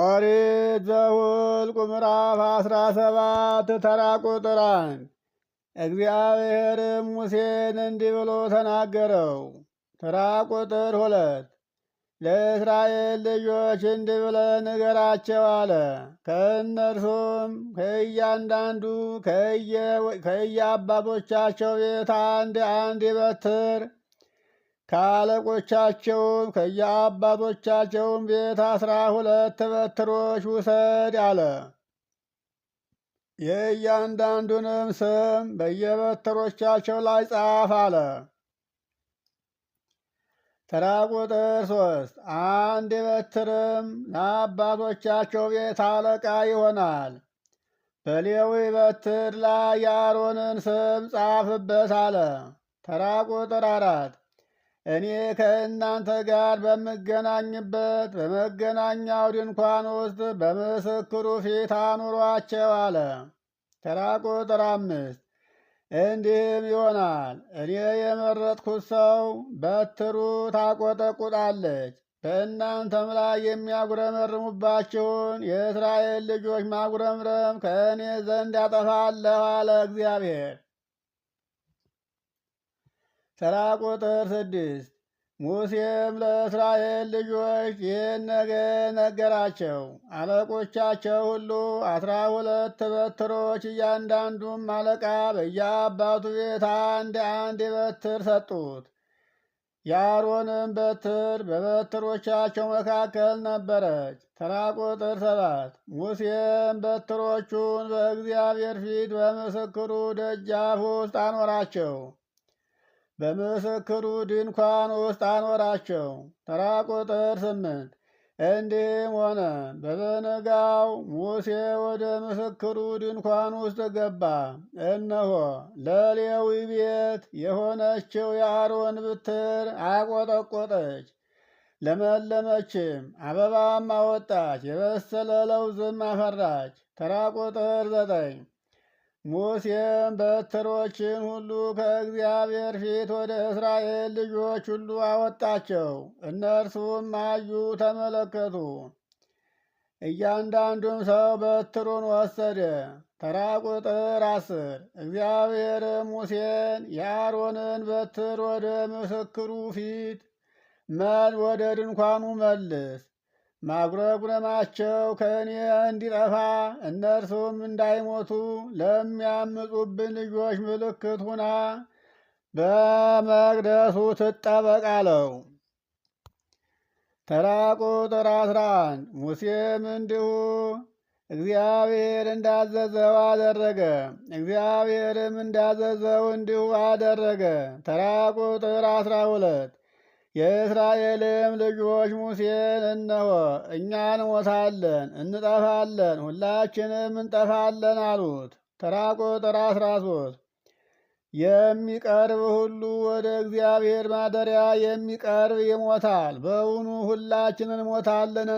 ኦሪት ዘኍልቍ ምዕራፍ አስራ ሰባት ተራ ቁጥር አንድ እግዚአብሔርም ሙሴን እንዲህ ብሎ ተናገረው። ተራ ቁጥር ሁለት ለእስራኤል ልጆች እንዲህ ብለ ንገራቸው አለ። ከእነርሱም ከእያንዳንዱ ከየአባቶቻቸው ቤት አንድ አንድ በትር ከአለቆቻቸውም ከየአባቶቻቸውም ቤት አስራ ሁለት በትሮች ውሰድ አለ። የእያንዳንዱንም ስም በየበትሮቻቸው ላይ ጻፍ አለ። ተራ ቁጥር ሶስት አንድ በትርም ለአባቶቻቸው ቤት አለቃ ይሆናል። በሌዊ በትር ላይ የአሮንን ስም ጻፍበት አለ። ተራ ቁጥር አራት እኔ ከእናንተ ጋር በምገናኝበት በመገናኛው ድንኳን ውስጥ በምስክሩ ፊት አኑሯቸው አለ። ተራ ቁጥር አምስት እንዲህም ይሆናል እኔ የመረጥኩት ሰው በትሩ ታቆጠቁጣለች፣ በእናንተም ላይ የሚያጉረመርሙባችሁን የእስራኤል ልጆች ማጉረምረም ከእኔ ዘንድ ያጠፋለሁ አለ እግዚአብሔር። ተራ ቁጥር ስድስት ሙሴም ለእስራኤል ልጆች ይህን ነገር ነገራቸው። አለቆቻቸው ሁሉ አስራ ሁለት በትሮች እያንዳንዱም አለቃ በየአባቱ ቤት አንድ አንድ የበትር ሰጡት። የአሮንም በትር በበትሮቻቸው መካከል ነበረች። ተራ ቁጥር ሰባት ሙሴም በትሮቹን በእግዚአብሔር ፊት በምስክሩ ደጃፍ ውስጥ አኖራቸው። በምስክሩ ድንኳን ውስጥ አኖራቸው። ተራ ቁጥር ስምንት እንዲህም ሆነ በበነጋው ሙሴ ወደ ምስክሩ ድንኳን ውስጥ ገባ። እነሆ ለሌዊ ቤት የሆነችው የአሮን ብትር አቆጠቆጠች፣ ለመለመችም፣ አበባም አወጣች፣ የበሰለ ለውዝም አፈራች። ተራ ቁጥር ዘጠኝ ሙሴም በትሮችን ሁሉ ከእግዚአብሔር ፊት ወደ እስራኤል ልጆች ሁሉ አወጣቸው። እነርሱም አዩ፣ ተመለከቱ። እያንዳንዱም ሰው በትሩን ወሰደ። ተራ ቁጥር አስር እግዚአብሔርም ሙሴን የአሮንን በትር ወደ ምስክሩ ፊት መል ወደ ድንኳኑ መልስ ማጉረጉረማቸው ከእኔ እንዲጠፋ እነርሱም እንዳይሞቱ ለሚያምፁብን ልጆች ምልክት ሁና በመቅደሱ ትጠበቃለው። አለው። ተራ ቁጥር አስራ አንድ ሙሴም እንዲሁ እግዚአብሔር እንዳዘዘው አደረገ። እግዚአብሔርም እንዳዘዘው እንዲሁ አደረገ። ተራ ቁጥር አስራ ሁለት የእስራኤልም ልጆች ሙሴን እነሆ እኛ እንሞታለን፣ እንጠፋለን፣ ሁላችንም እንጠፋለን አሉት። ተራ ቁጥር አስራ ሶስት የሚቀርብ ሁሉ ወደ እግዚአብሔር ማደሪያ የሚቀርብ ይሞታል። በውኑ ሁላችን እንሞታለን።